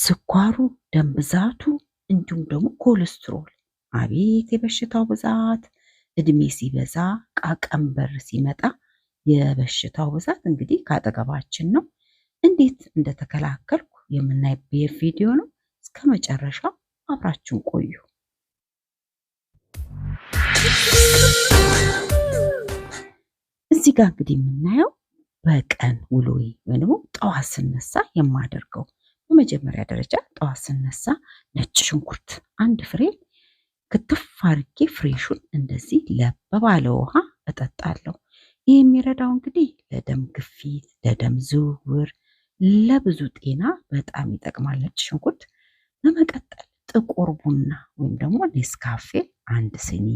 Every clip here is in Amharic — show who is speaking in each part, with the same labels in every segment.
Speaker 1: ስኳሩ፣ ደም ብዛቱ እንዲሁም ደግሞ ኮሌስትሮል። አቤት የበሽታው ብዛት! እድሜ ሲበዛ ቃቀንበር ሲመጣ የበሽታው ብዛት እንግዲህ ካጠገባችን ነው። እንዴት እንደተከላከልኩ የምናይበት ቪዲዮ ነው። እስከ መጨረሻው አብራችሁን ቆዩ። እዚህ ጋር እንግዲህ የምናየው በቀን ውሎዬ ወይም ጠዋት ስነሳ የማደርገው በመጀመሪያ ደረጃ ጠዋት ስነሳ ነጭ ሽንኩርት አንድ ፍሬ ክትፍ አርጌ ፍሬሹን እንደዚህ ለብ ባለ ውሃ እጠጣለሁ። ይህ የሚረዳው እንግዲህ ለደም ግፊት፣ ለደም ዝውውር፣ ለብዙ ጤና በጣም ይጠቅማል ነጭ ሽንኩርት። በመቀጠል ጥቁር ቡና ወይም ደግሞ ኔስካፌ አንድ ስኒ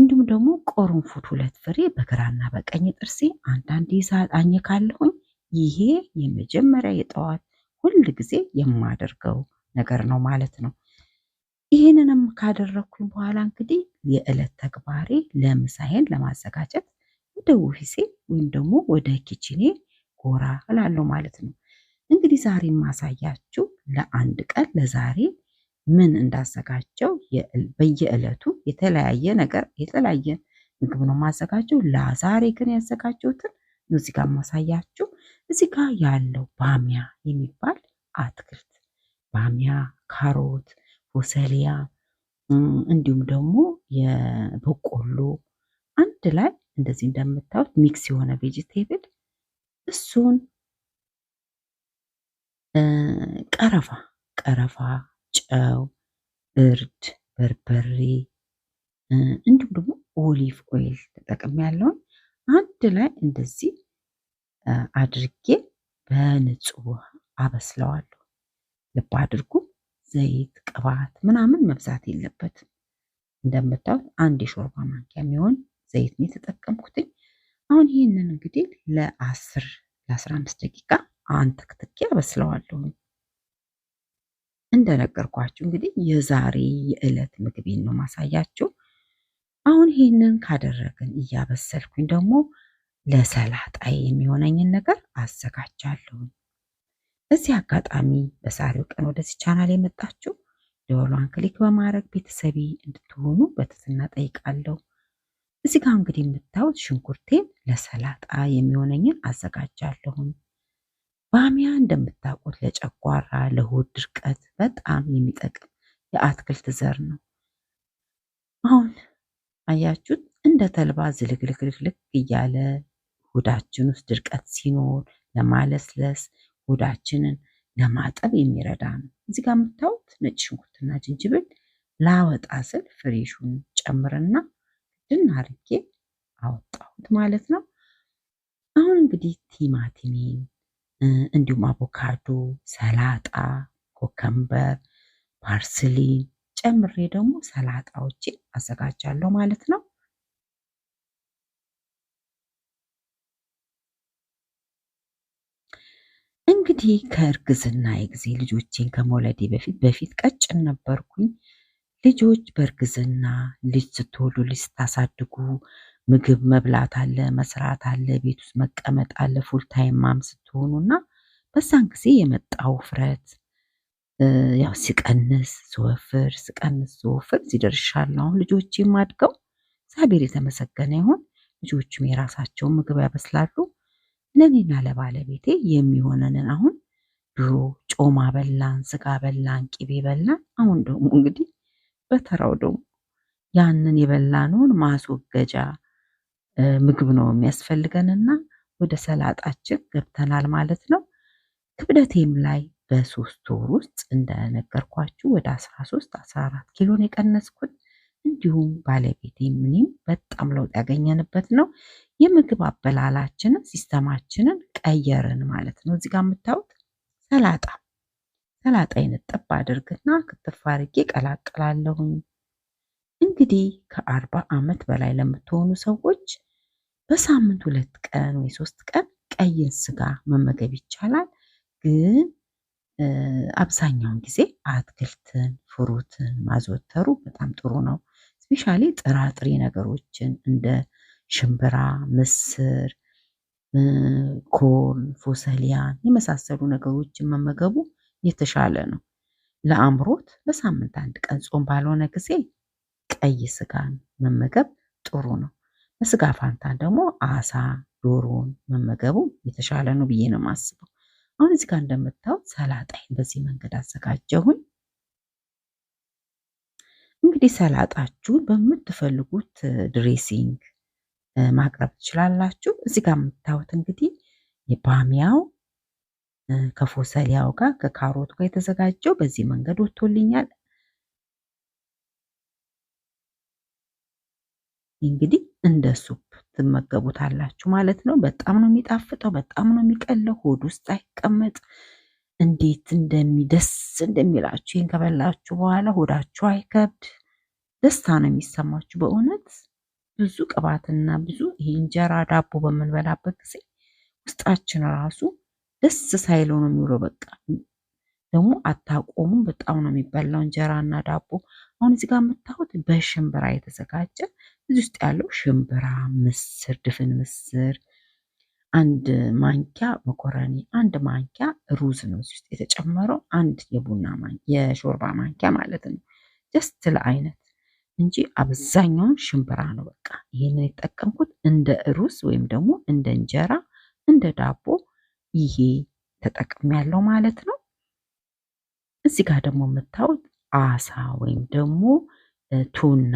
Speaker 1: እንዲሁም ደግሞ ቅርንፉድ ሁለት ፍሬ በግራና በቀኝ ጥርሴ አንዳንድ ይዛ አኝካለሁኝ። ይሄ የመጀመሪያ የጠዋት ሁል ጊዜ የማደርገው ነገር ነው ማለት ነው። ይህንንም ካደረግኩኝ በኋላ እንግዲህ የዕለት ተግባሬ ለምሳዬን ለማዘጋጀት ወደ ውፊሴ ወይም ደግሞ ወደ ኪችኔ ጎራ እላለሁ ማለት ነው። እንግዲህ ዛሬ የማሳያችሁ ለአንድ ቀን ለዛሬ ምን እንዳዘጋጀው በየዕለቱ የተለያየ ነገር የተለያየ ምግብ ነው ማዘጋጀው። ለዛሬ ግን ያዘጋጀሁትን ነው እዚህ ጋር ማሳያችሁ እዚህ ጋር ያለው ባሚያ የሚባል አትክልት ባሚያ፣ ካሮት፣ ቦሰሊያ እንዲሁም ደግሞ የበቆሎ አንድ ላይ እንደዚህ እንደምታዩት ሚክስ የሆነ ቬጅቴብል እሱን ቀረፋ ቀረፋ፣ ጨው፣ እርድ፣ በርበሬ እንዲሁም ደግሞ ኦሊቭ ኦይል ተጠቅሜ ያለውን አንድ ላይ እንደዚህ አድርጌ በንጹህ ውሃ አበስለዋለሁ። ልብ አድርጉ፣ ዘይት ቅባት ምናምን መብዛት የለበትም። እንደምታዩት አንድ የሾርባ ማንኪያ የሚሆን ዘይት ነው የተጠቀምኩትኝ። አሁን ይህንን እንግዲህ ለአስር ለአስራ አምስት ደቂቃ አንተክትኬ አበስለዋለሁ። እንደነገርኳችሁ እንግዲህ የዛሬ የዕለት ምግቤን ነው ማሳያችሁ። አሁን ይህንን ካደረግን እያበሰልኩኝ ደግሞ ለሰላጣ የሚሆነኝን ነገር አዘጋጃለሁ። እዚህ አጋጣሚ በዛሬው ቀን ወደዚህ ቻናል የመጣችሁ የወሏን ክሊክ በማድረግ ቤተሰቤ እንድትሆኑ በትህትና ጠይቃለሁ። እዚህ ጋር እንግዲህ የምታዩት ሽንኩርቴን ለሰላጣ የሚሆነኝን አዘጋጃለሁኝ። ባሚያ እንደምታውቁት ለጨጓራ፣ ለሆድ ድርቀት በጣም የሚጠቅም የአትክልት ዘር ነው። አያችሁት? እንደ ተልባ ዝልግልግልግልግ እያለ ሆዳችን ውስጥ ድርቀት ሲኖር ለማለስለስ ሆዳችንን ለማጠብ የሚረዳ ነው። እዚህ ጋር የምታዩት ነጭ ሽንኩርትና ጅንጅብል ላወጣ ስል ፍሬሹን ጨምርና ድን አርጌ አወጣሁት ማለት ነው። አሁን እንግዲህ ቲማቲሜን እንዲሁም አቮካዶ፣ ሰላጣ፣ ኮከምበር፣ ፓርስሊን ጨምሬ ደግሞ ሰላጣዎች አዘጋጃለሁ ማለት ነው። እንግዲህ ከእርግዝና የጊዜ ልጆቼን ከመውለዴ በፊት በፊት ቀጭን ነበርኩኝ። ልጆች በእርግዝና ልጅ ስትወሉ ልጅ ስታሳድጉ ምግብ መብላት አለ፣ መስራት አለ፣ ቤት ውስጥ መቀመጥ አለ፣ ማም ስትሆኑ እና በዛን ጊዜ የመጣው ውፍረት ያው ሲቀንስ ስወፍር ስቀንስ ስወፍር ሲደርሻለሁ። አሁን ልጆች አድገው እግዚአብሔር የተመሰገነ ይሁን። ልጆቹም የራሳቸውን ምግብ ያበስላሉ። ለእኔና ለባለቤቴ የሚሆነንን አሁን ድሮ ጮማ በላን፣ ስጋ በላን፣ ቂቤ በላን። አሁን ደግሞ እንግዲህ በተራው ደግሞ ያንን የበላነውን ማስወገጃ ምግብ ነው የሚያስፈልገንና ወደ ሰላጣችን ገብተናል ማለት ነው። ክብደቴም ላይ በሶስት ወር ውስጥ እንደነገርኳችሁ ወደ 13 14 ኪሎን የቀነስኩት እንዲሁም ባለቤት እኔም በጣም ለውጥ ያገኘንበት ነው። የምግብ አበላላችንን ሲስተማችንን ቀየርን ማለት ነው። እዚህ ጋር የምታዩት ሰላጣ ሰላጣ እጥብ አድርግና ክትፍ አድርጌ ቀላቅላለሁኝ። እንግዲህ ከአርባ ዓመት በላይ ለምትሆኑ ሰዎች በሳምንት ሁለት ቀን ወይ ሶስት ቀን ቀይን ስጋ መመገብ ይቻላል ግን አብዛኛውን ጊዜ አትክልትን ፍሩትን ማዘወተሩ በጣም ጥሩ ነው። ስፔሻሊ ጥራጥሬ ነገሮችን እንደ ሽምብራ፣ ምስር፣ ኮል፣ ፎሰሊያን የመሳሰሉ ነገሮችን መመገቡ የተሻለ ነው። ለአምሮት በሳምንት አንድ ቀን ጾም ባልሆነ ጊዜ ቀይ ስጋን መመገብ ጥሩ ነው። በስጋ ፋንታ ደግሞ አሳ፣ ዶሮን መመገቡ የተሻለ ነው ብዬ ነው የማስበው። አሁን እዚህ ጋር እንደምታዩት ሰላጣይን በዚህ መንገድ አዘጋጀሁኝ። እንግዲህ ሰላጣችሁን በምትፈልጉት ድሬሲንግ ማቅረብ ትችላላችሁ። እዚህ ጋር የምታዩት እንግዲህ የባሚያው ከፎሰሊያው ጋር ከካሮት ጋር የተዘጋጀው በዚህ መንገድ ወጥቶልኛል። እንግዲህ እንደ ሱፕ ትመገቡታላችሁ ማለት ነው። በጣም ነው የሚጣፍጠው፣ በጣም ነው የሚቀለው፣ ሆድ ውስጥ አይቀመጥ። እንዴት እንደሚደስ እንደሚላችሁ ይህን ከበላችሁ በኋላ ሆዳችሁ አይከብድ፣ ደስታ ነው የሚሰማችሁ በእውነት ብዙ ቅባትና ብዙ ይሄ እንጀራ ዳቦ በምንበላበት ጊዜ ውስጣችን ራሱ ደስ ሳይለው ነው የሚውለው። በቃ ደግሞ አታቆሙም። በጣም ነው የሚበላው እንጀራና ዳቦ። አሁን እዚህ ጋር የምታዩት በሽምብራ የተዘጋጀ እዚህ ውስጥ ያለው ሽምብራ፣ ምስር፣ ድፍን ምስር፣ አንድ ማንኪያ መኮረኒ፣ አንድ ማንኪያ ሩዝ ነው እዚህ ውስጥ የተጨመረው። አንድ የቡና የሾርባ ማንኪያ ማለት ነው። ጀስት ለአይነት እንጂ አብዛኛውን ሽምብራ ነው። በቃ ይህንን የተጠቀምኩት እንደ ሩዝ ወይም ደግሞ እንደ እንጀራ፣ እንደ ዳቦ ይሄ ተጠቅም ያለው ማለት ነው። እዚህ ጋር ደግሞ የምታዩት አሳ ወይም ደግሞ ቱና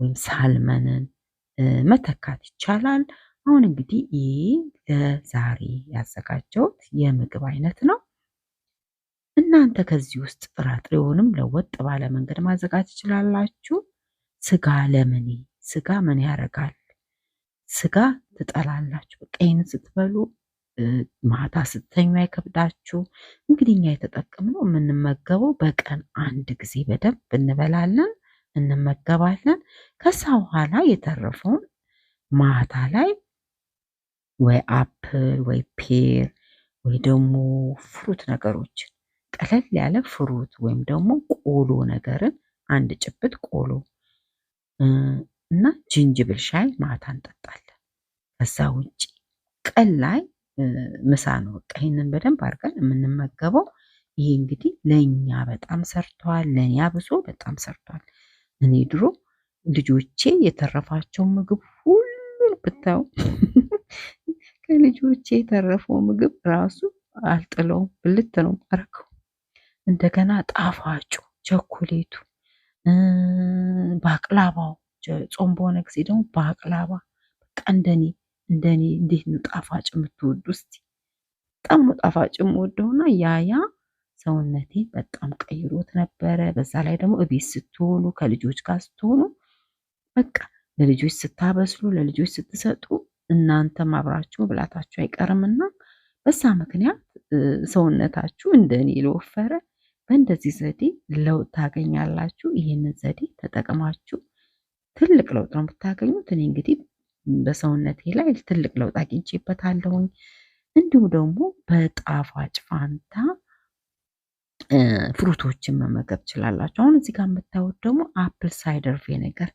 Speaker 1: ወይም ሳልመንን መተካት ይቻላል። አሁን እንግዲህ ይህ ለዛሬ ያዘጋጀሁት የምግብ አይነት ነው። እናንተ ከዚህ ውስጥ ጥራጥሬውንም ለወጥ ባለ መንገድ ማዘጋጀት ትችላላችሁ። ስጋ ለምኔ ስጋ ምን ያደርጋል? ስጋ ትጠላላችሁ። በቀይን ስትበሉ ማታ ስተኙ አይከብዳችሁ። እንግዲህ እኛ የተጠቀምነው የምንመገበው በቀን አንድ ጊዜ በደንብ እንበላለን። እንመገባለን። ከዛ በኋላ የተረፈውን ማታ ላይ ወይ አፕል ወይ ፔር ወይ ደግሞ ፍሩት ነገሮች ቀለል ያለ ፍሩት ወይም ደግሞ ቆሎ ነገርን አንድ ጭብጥ ቆሎ እና ጅንጅብል ሻይ ማታ እንጠጣለን። ከዛ ውጭ ቀን ላይ ምሳ ነው። በቃ ይህንን በደንብ አድርገን የምንመገበው። ይሄ እንግዲህ ለእኛ በጣም ሰርቷል፣ ለእኔ አብሶ በጣም ሰርቷል። እኔ ድሮ ልጆቼ የተረፋቸው ምግብ ሁሉን ብታው ከልጆቼ የተረፈው ምግብ ራሱ አልጥለውም፣ ብልት ነው አረገው። እንደገና ጣፋጩ ቸኮሌቱ፣ ባቅላባው፣ ጾም በሆነ ጊዜ ደግሞ ባቅላባ። በቃ እንደኔ እንደኔ እንዴት ነው ጣፋጭ የምትወዱ? እስቲ በጣም ነው ጣፋጭ የምወደውና ያያ ሰውነቴን በጣም ቀይሮት ነበረ። በዛ ላይ ደግሞ እቤት ስትሆኑ ከልጆች ጋር ስትሆኑ በቃ ለልጆች ስታበስሉ፣ ለልጆች ስትሰጡ እናንተም አብራችሁ ብላታችሁ አይቀርምና በዛ ምክንያት ሰውነታችሁ እንደ እኔ ለወፈረ በእንደዚህ ዘዴ ለውጥ ታገኛላችሁ። ይህንን ዘዴ ተጠቅማችሁ ትልቅ ለውጥ ነው የምታገኙት። እኔ እንግዲህ በሰውነቴ ላይ ትልቅ ለውጥ አግኝቼበታለሁኝ። እንዲሁም ደግሞ በጣፋጭ ፋንታ ፍሩቶችን መመገብ ትችላላችሁ። አሁን እዚህ ጋር የምታዩት ደግሞ አፕል ሳይደር ቬኔገር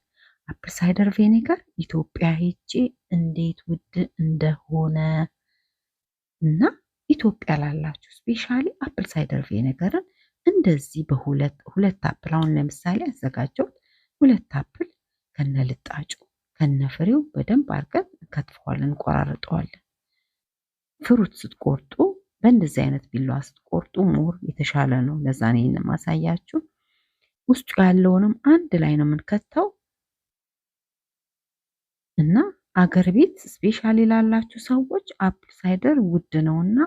Speaker 1: አፕል ሳይደር ቬኔገር ኢትዮጵያ ሄጄ እንዴት ውድ እንደሆነ እና ኢትዮጵያ ላላችሁ ስፔሻሊ አፕል ሳይደር ቬኔገርን እንደዚህ በሁለት ሁለት አፕል አሁን ለምሳሌ አዘጋጀሁት ሁለት አፕል ከነ ልጣጩ ከነ ፍሬው በደንብ አድርገን እንከትፈዋለን፣ እንቆራርጠዋለን። ፍሩት ስትቆርጡ በእንደዚህ አይነት ቢላዋ ስትቆርጡ ሞር የተሻለ ነው። ለዛ ነው ይሄን ማሳያችሁ። ውስጡ ያለውንም አንድ ላይ ነው የምንከተው እና አገር ቤት ስፔሻሊ ላላችሁ ሰዎች አፕል ሳይደር ውድ ነውና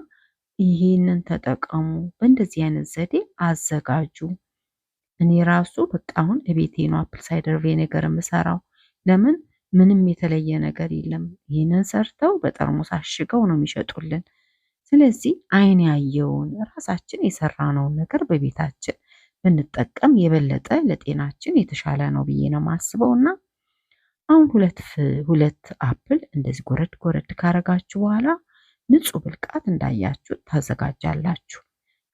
Speaker 1: ይሄንን ተጠቀሙ። በእንደዚህ አይነት ዘዴ አዘጋጁ። እኔ ራሱ በቃ አሁን እቤቴ ነው አፕል ሳይደር ቪኔገር የምሰራው። ለምን ምንም የተለየ ነገር የለም። ይህንን ሰርተው በጠርሙስ አሽገው ነው የሚሸጡልን። ስለዚህ አይን ያየውን ራሳችን የሰራነውን ነገር በቤታችን ብንጠቀም የበለጠ ለጤናችን የተሻለ ነው ብዬ ነው የማስበው እና አሁን ሁለት ሁለት አፕል እንደዚህ ጎረድ ጎረድ ካረጋችሁ በኋላ ንጹህ ብልቃት እንዳያችሁ ታዘጋጃላችሁ።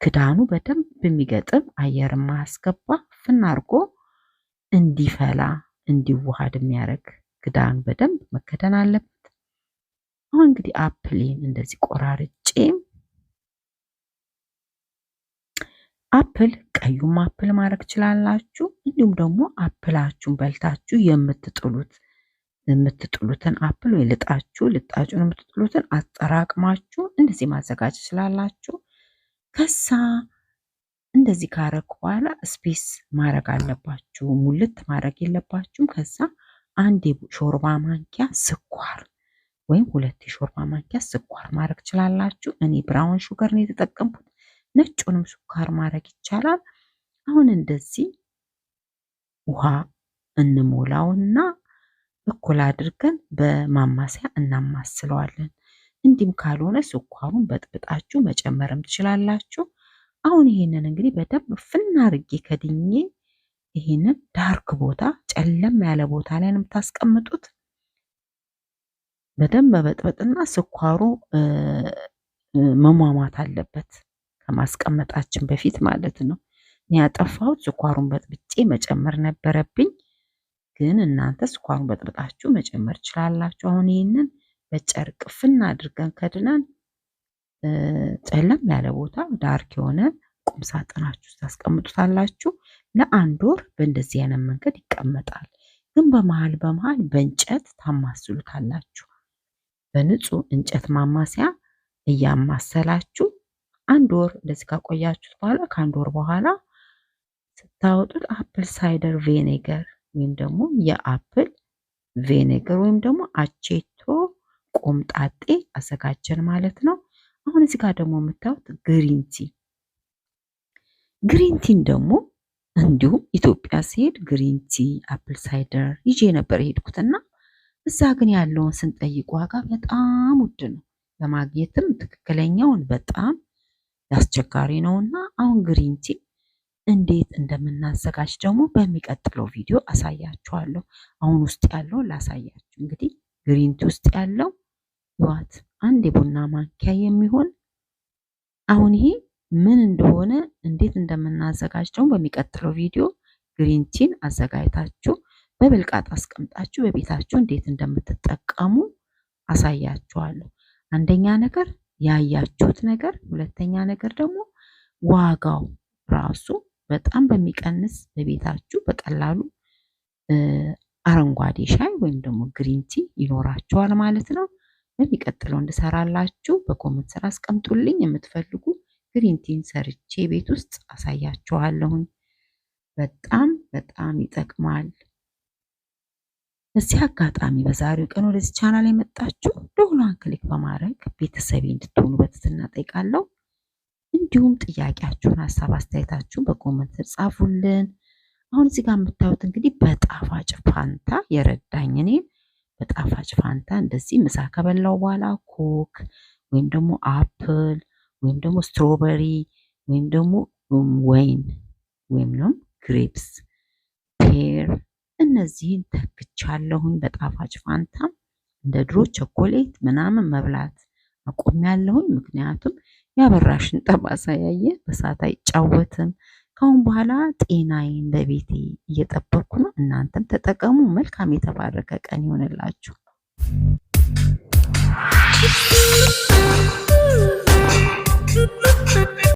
Speaker 1: ክዳኑ በደንብ በሚገጥም አየር ማስገባ ፍናርጎ አድርጎ እንዲፈላ እንዲዋሃድ የሚያደርግ ክዳኑ በደንብ መከደን አለበት። አሁን እንግዲህ አፕሊን እንደዚህ ቆራርጬ አፕል ቀዩም አፕል ማድረግ ትችላላችሁ። እንዲሁም ደግሞ አፕላችሁን በልታችሁ የምትጥሉት የምትጥሉትን አፕል ወይ ልጣችሁ ልጣችሁን የምትጥሉትን አጠራቅማችሁ እንደዚህ ማዘጋጀት ትችላላችሁ። ከሳ እንደዚህ ካረግ በኋላ ስፔስ ማድረግ አለባችሁ። ሙልት ማድረግ የለባችሁም። ከዛ አንድ ሾርባ ማንኪያ ስኳር ወይም ሁለት የሾርባ ማንኪያ ስኳር ማድረግ ትችላላችሁ። እኔ ብራውን ሹገር ነው የተጠቀምኩት። ነጩንም ስኳር ማድረግ ይቻላል። አሁን እንደዚህ ውሃ እንሞላውና እኩል አድርገን በማማሰያ እናማስለዋለን። እንዲህም ካልሆነ ስኳሩን በጥብጣችሁ መጨመርም ትችላላችሁ። አሁን ይሄንን እንግዲህ በደንብ ፍና አድርጌ ከድኜ ይሄንን ዳርክ ቦታ ጨለም ያለ ቦታ ላይ ነው የምታስቀምጡት። በደንብ መበጥበጥና ስኳሩ መሟሟት አለበት ከማስቀመጣችን በፊት ማለት ነው። እኔ ያጠፋሁት ስኳሩን በጥብጬ መጨመር ነበረብኝ፣ ግን እናንተ ስኳሩን በጥብጣችሁ መጨመር ችላላችሁ አሁን ይህንን በጨርቅ ፍና አድርገን ከድነን ጨለም ያለ ቦታ ዳርክ የሆነ ቁም ሳጥናችሁ ውስጥ ታስቀምጡታላችሁ። ለአንድ ወር በእንደዚህ አይነት መንገድ ይቀመጣል። ግን በመሀል በመሀል በእንጨት ታማስሉታላችሁ። በንጹህ እንጨት ማማሰያ እያማሰላችሁ አንድ ወር እንደዚህ ካቆያችሁት በኋላ ከአንድ ወር በኋላ ስታወጡት አፕል ሳይደር ቬኔገር ወይም ደግሞ የአፕል ቬኔገር ወይም ደግሞ አቼቶ ቆምጣጤ አዘጋጀን ማለት ነው። አሁን እዚህ ጋር ደግሞ የምታዩት ግሪንቲ ግሪንቲን ደግሞ እንዲሁም ኢትዮጵያ ሲሄድ ግሪንቲ አፕል ሳይደር ይዤ ነበር የሄድኩትና እዛ ግን ያለውን ስንጠይቅ ዋጋ በጣም ውድ ነው። ለማግኘትም ትክክለኛውን በጣም አስቸጋሪ ነውና አሁን ግሪንቲ እንዴት እንደምናዘጋጅ ደግሞ በሚቀጥለው ቪዲዮ አሳያችኋለሁ። አሁን ውስጥ ያለው ላሳያችሁ። እንግዲህ ግሪንቲ ውስጥ ያለው ይዋት አንድ የቡና ማንኪያ የሚሆን አሁን ይሄ ምን እንደሆነ እንዴት እንደምናዘጋጅ ደግሞ በሚቀጥለው ቪዲዮ ግሪንቲን አዘጋጅታችሁ በብልቃጥ አስቀምጣችሁ በቤታችሁ እንዴት እንደምትጠቀሙ አሳያችኋለሁ። አንደኛ ነገር ያያችሁት ነገር፣ ሁለተኛ ነገር ደግሞ ዋጋው ራሱ በጣም በሚቀንስ በቤታችሁ በቀላሉ አረንጓዴ ሻይ ወይም ደግሞ ግሪንቲ ይኖራችኋል ማለት ነው። በሚቀጥለው እንድሰራላችሁ በኮመንት ስራ አስቀምጡልኝ። የምትፈልጉ ግሪንቲን ሰርቼ ቤት ውስጥ አሳያችኋለሁኝ። በጣም በጣም ይጠቅማል። እዚህ አጋጣሚ በዛሬው ቀን ወደዚህ ቻናል የመጣችሁ ደውሏን ክሊክ በማድረግ ቤተሰቤ እንድትሆኑ በትህትና ጠይቃለሁ። እንዲሁም ጥያቄያችሁን፣ ሀሳብ አስተያየታችሁን በኮመንት ጻፉልን። አሁን እዚህ ጋር የምታዩት እንግዲህ በጣፋጭ ፋንታ የረዳኝ እኔን በጣፋጭ ፋንታ እንደዚህ ምሳ ከበላው በኋላ ኮክ ወይም ደግሞ አፕል ወይም ደግሞ ስትሮበሪ ወይም ደግሞ ወይን ወይም ደግሞ ግሬፕስ እነዚህን ተክቻለሁኝ። በጣፋጭ ፋንታ እንደ ድሮ ቸኮሌት ምናምን መብላት አቆሚያለሁኝ። ምክንያቱም ያበራሽን ጠባሳ ያየ በሳት አይጫወትም። ካሁን በኋላ ጤናዬን በቤቴ እየጠበቅኩ ነው። እናንተም ተጠቀሙ። መልካም የተባረከ ቀን ይሆንላችሁ።